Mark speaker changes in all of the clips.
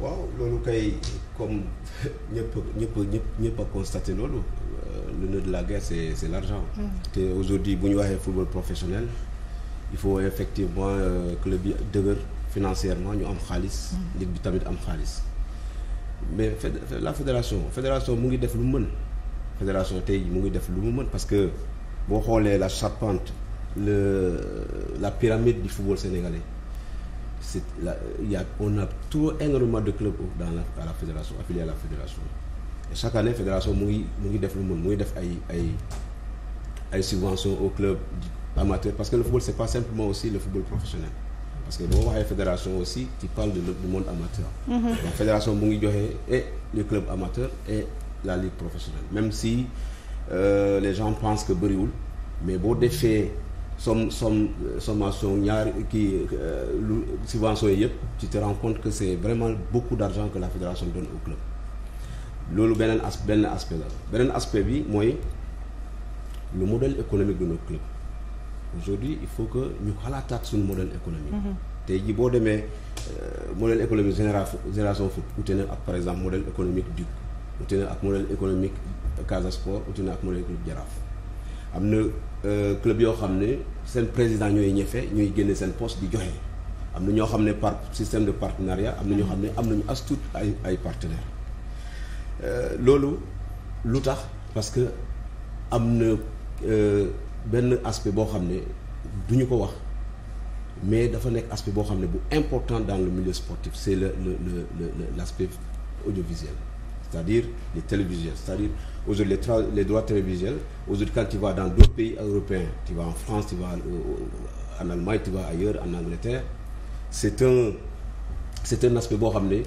Speaker 1: waaw loolu kay comme ñëpp ñëpp ñëpp ñëpp a constaté loolu euh, le nœud la guerre c'est c'est l'argent mm. te aujourd'hui bu ñu waxee football professionnel il faut effectivement club euh, bi dëgër financièrement ñu am xaalis nit mm. bi tamit am xaalis mais la fédération fédération mu ngi def lu mu mën fédération tey mu ngi def lu mu mën parce que boo xoolee la charpente le la pyramide du football sénégalais c'est là il y a on a tout énormément de clubs dans la fédération affiliés la fédération chaque année fédération mu ngi mu ngi def lu mu mu ngi def ay ay ay subventions aux clubs parce que le football c'est pas simplement aussi le football professionnel parce que boo waxee fédération aussi qui parle de du monde amateur. Mm-hmm. fédération mu ngi joxe et le club amateur et la ligue professionnelle même si euh, les gens pensent que bëriwul mais boo defee. somme somme euh, sommation ñaari kii euh, lu subventions yi yëpp ci te rends que c'est vraiment beaucoup d'argent que la fédération donne au club loolu beneen as benn aspe la beneen bi mooy lu modèle économique de nos clubs aujourd'hui il faut que ñu xalaataat suñu modèle économique mm-hmm. tey jii boo demee euh, modèle économique génération foot ute na ak par exemple modèle économique Duc ute na ak modèle économique Casa Sport ute ak modèle économique Jaraaf am na euh, club yoo xam ne seen président ñooy ñefe ñooy génne seen poste di joxe am na ñoo xam ne par système de partenariat am na ñoo xam ne am nañu as tuut ay ay partenaires euh, loolu lu tax parce que am na euh, benn aspect boo xam ne du ñu ko wax mais dafa nekk aspect boo xam ne bu important dans le milieu sportif c'est le le la le l'aspect audiovisuel c'est-à-dire les télévisuels, c'est-à-dire aujourd'hui les, les, droits télévisuels, aujourd'hui quand tu vas dans d'autres pays européens, tu vas en France, tu vas en, en Allemagne, tu vas ailleurs, en Angleterre, c'est un, c'est un aspect bon ramené,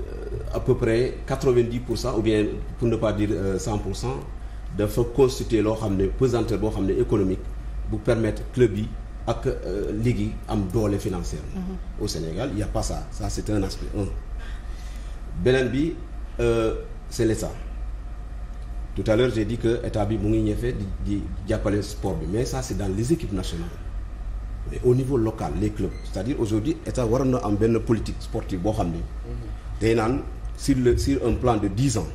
Speaker 1: euh, à peu près 90% ou bien pour ne pas dire euh, dafa constituer loo xam ne pesanteur boo xam ne économique bu permettre club yi ak euh, ligue yi am doole financière mm-hmm. au Sénégal il y a pas c'est un aspect beneen bi Euh, c'est l'État tout à l'heure j'ai dit que état bi mu ngi ñëfee di di jàppale sport bi mais ça c'est dans les équipes nationales mais au niveau local les clubs c'est-à-dire aujourd'hui état waroon na am benn politique sportive boo xam ni tey naan sur le sur un plan de dix ans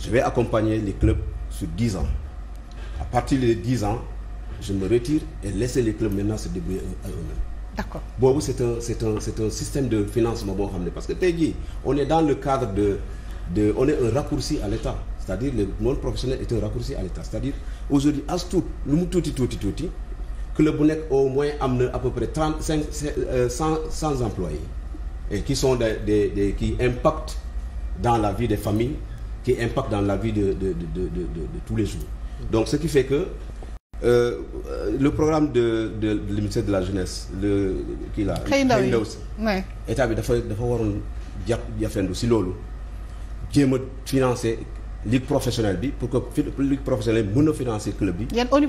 Speaker 1: je vais accompagner les clubs sur dix ans à partir des dix ans je me retire laisser les clubs maintenant se débrouiller à eux-mêmes boobu c'est un système de financement boo xam ne parce que tey jii on est de on est un raccourci à l'État c'est-à-dire le monde professionnel est un raccourci à l'État c'est-à-dire aujourd'hui as tuut lu mu tuuti tuuti tuuti club bu nekk au moins am na à peu près trente cinq euh, cent cent employés et qui sont des des des qui impactent dans la vie des familles qui impactent dans la vie de de de tous les jours donc ce qui fait que euh, euh le programme de de de le de la jeunesse le kii la xëy ndaw si état bi dafa dafa waroon jàpp jàppandu si loolu jéem a financer ligue bi pour que ligue professionnelle bi mën a financer club bi.